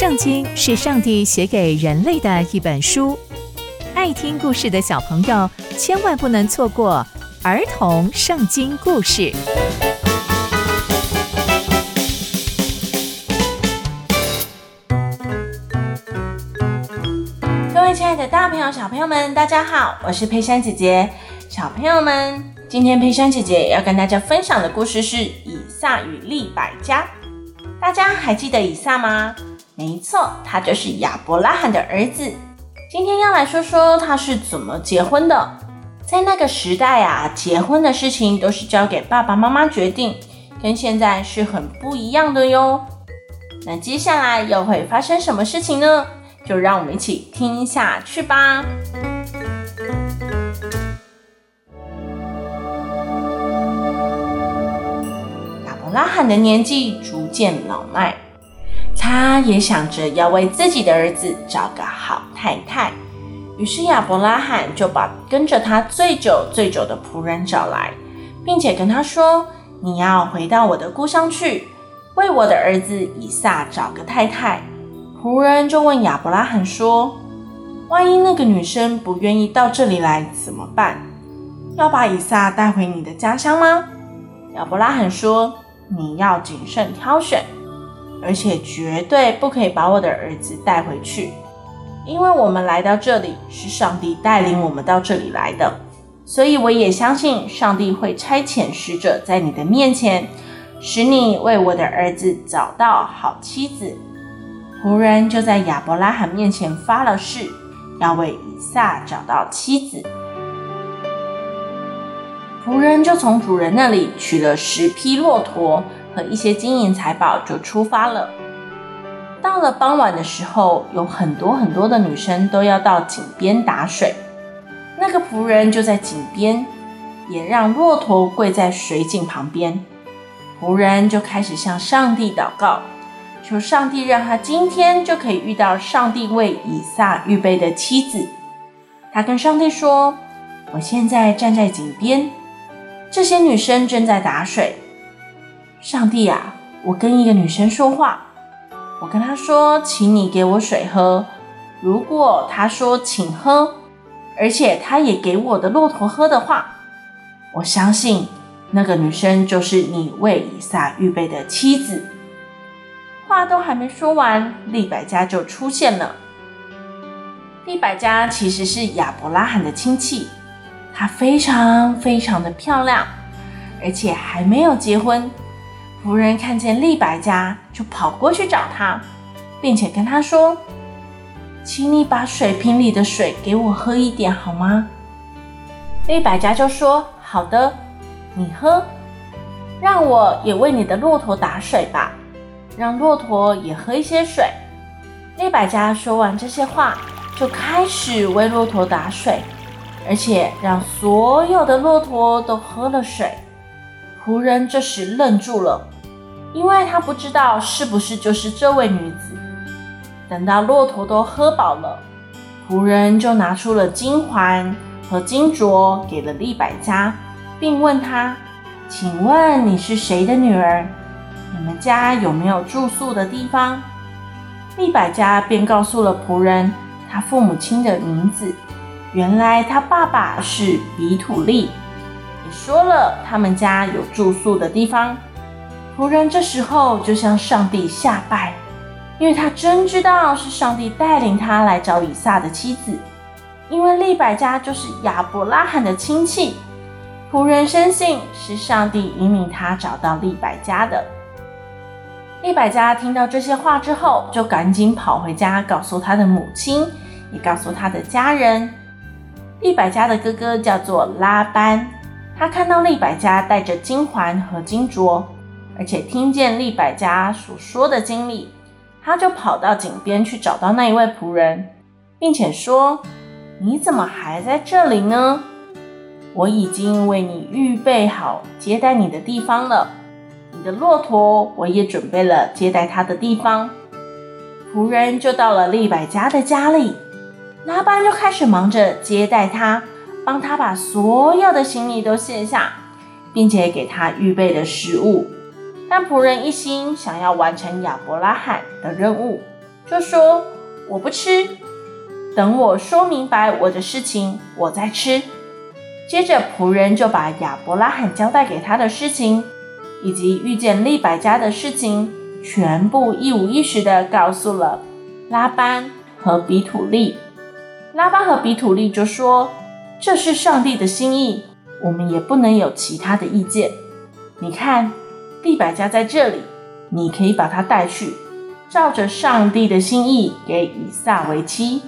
聖經是上帝寫給人類的一本書。愛聽故事的小朋友，千萬不能錯過兒童聖經故事。各位親愛的，大朋友、小朋友們，大家好，我是佩珊姐姐。小朋友們，今天佩珊姐姐要跟大家分享的故事是《以撒與利百加》，大家還記得以撒嗎？沒錯，他就是亞伯拉罕的兒子。今天要來說說他是怎麼結婚的。在那個時代啊，結婚的事情都是交給爸爸媽媽決定，跟現在是很不一樣的喲。那接下來又會發生什麼事情呢？就讓我們一起聽下去吧。亞伯拉罕的年紀逐漸老邁。他也想着要為自己的兒子找個好太太，於是亞伯拉罕就把跟着他最久最久的僕人找來，並且跟他說：“你要回到我的故鄉去，為我的兒子以撒找個太太。”僕人就問亞伯拉罕說：“萬一那個女生不願意到這裡來怎麼辦？要把以撒帶回你的家鄉嗎？”亞伯拉罕說：“你要謹慎挑選。”而且絕對不可以把我的兒子帶回去，因為我們來到這裡是上帝帶領我們到這裡來的，所以我也相信上帝會差遣使者在你的面前，使你為我的兒子找到好妻子。僕人就在亞伯拉罕面前發了誓，要為以撒找到妻子。僕人就從主人那裡取了十匹駱駝。一些金銀財寶就出發了。到了傍晚的時候，有很多很多的女生都要到井邊打水。那個僕人就在井邊，也讓駱駝跪在水井旁邊。僕人就開始向上帝禱告，求上帝讓他今天就可以遇到上帝為以撒預備的妻子。他跟上帝說：“我現在站在井邊，這些女生正在打水。”上帝啊，我跟一個女生說話，我跟她說：“請你給我水喝。”如果她說“請喝”，而且她也給我的駱駝喝的話，我相信那個女生就是你為以撒預備的妻子。話都還沒說完，利百加就出現了。利百加其實是亞伯拉罕的親戚，她非常非常的漂亮，而且還沒有結婚。僕人看見利百加，就跑過去找他，並且跟他說：“請你把水瓶裡的水給我喝一點，好嗎？”利百加就說：“好的，你喝，讓我也為你的駱駝打水吧，讓駱駝也喝一些水。”利百加說完這些話，就開始為駱駝打水，而且讓所有的駱駝都喝了水。僕人這時愣住了，因為他不知道是不是就是這位女子。等到駱駝都喝飽了，僕人就拿出了金環和金鐲給了利百加，並問他：“請問你是誰的女兒？你們家有沒有住宿的地方？”利百加便告訴了僕人他父母親的名字。原來他爸爸是彼土利。說了，他們家有住宿的地方。僕人這時候就向上帝下拜，因為他真知道是上帝帶領他來找以撒的妻子。因為利百加就是亞伯拉罕的親戚，僕人深信是上帝引領他找到利百加的。利百加聽到這些話之後，就趕緊跑回家，告訴他的母親，也告訴他的家人。利百加的哥哥叫做拉班。他看到利百加戴著金環和金鐲，而且聽見利百加所說的經歷，他就跑到井邊去找到那一位僕人，並且說：“你怎麼還在這裡呢？我已經為你預備好接待你的地方了。你的駱駝，我也準備了接待他的地方。”僕人就到了利百加的家裡，拉班就開始忙着接待他。幫他把所有的行李都卸下，並且給他預備的食物。但僕人一心想要完成亞伯拉罕的任務，就說：“我不吃，等我說明白我的事情，我再吃。”接着，僕人就把亞伯拉罕交代給他的事情，以及遇見利百加的事情，全部一五一十地告訴了拉班和比土利。拉班和比土利就說。這是上帝的心意，我們也不能有其他的意見。你看，利百加在這裡，你可以把她帶去，照着上帝的心意給以撒為妻。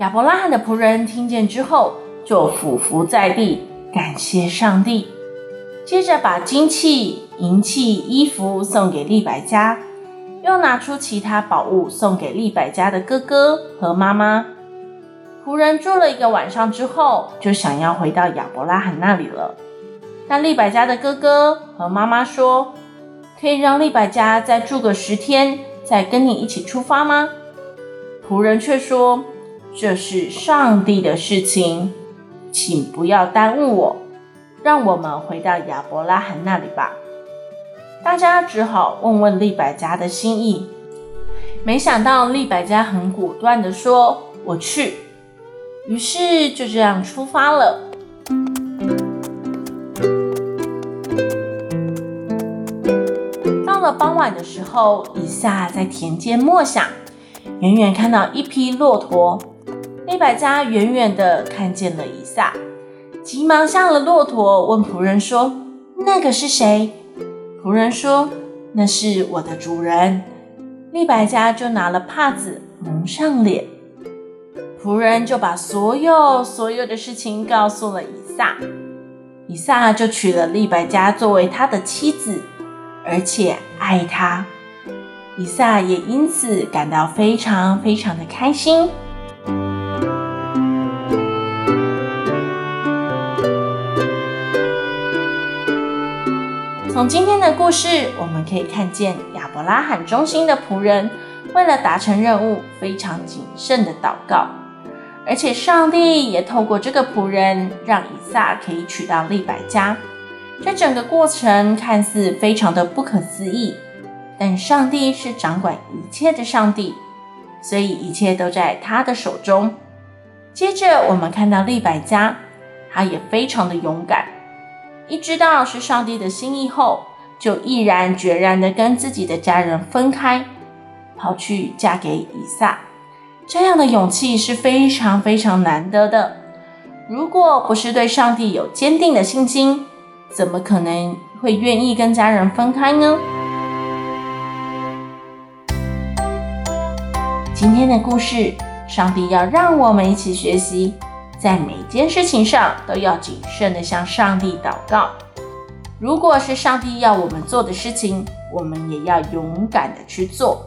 亞伯拉罕的僕人聽見之後，就俯伏在地，感謝上帝。接着把金器、銀器、衣服送給利百加，又拿出其他寶物送給利百加的哥哥和媽媽。僕人住了一個晚上之後，就想要回到亞伯拉罕那裡了。但利百加的哥哥和媽媽說：“可以讓利百加再住個十天，再跟你一起出發嗎？”僕人卻說：“這是上帝的事情，請不要耽誤我。讓我們回到亞伯拉罕那裡吧。”大家只好問問利百加的心意。沒想到利百加很果斷地說：“我去。”於是就這樣出發了。到了傍晚的時候，以撒在田間默想，遠遠看到一匹駱駝。利百加遠遠地看見了以撒，急忙下了駱駝，問僕人說：“那個是誰？”僕人說：“那是我的主人。”利百加就拿了帕子蒙上臉。僕人就把所有所有的事情告訴了以撒，以撒就娶了利百加作為他的妻子，而且愛他。以撒也因此感到非常非常的開心。從今天的故事，我們可以看見亞伯拉罕忠心的僕人，為了達成任務，非常謹慎的禱告。而且上帝也透過這個僕人，讓以撒可以娶到利百加。這整個過程看似非常的不可思議，但上帝是掌管一切的上帝，所以一切都在他的手中。接着我們看到利百加，她也非常的勇敢，一知道是上帝的心意後，就毅然決然的跟自己的家人分開，跑去嫁給以撒。這樣的勇氣是非常非常難得的。如果不是對上帝有堅定的信心，怎麼可能會願意跟家人分開呢？今天的故事，上帝要讓我們一起學習，在每件事情上都要謹慎地向上帝禱告。如果是上帝要我們做的事情，我們也要勇敢地去做。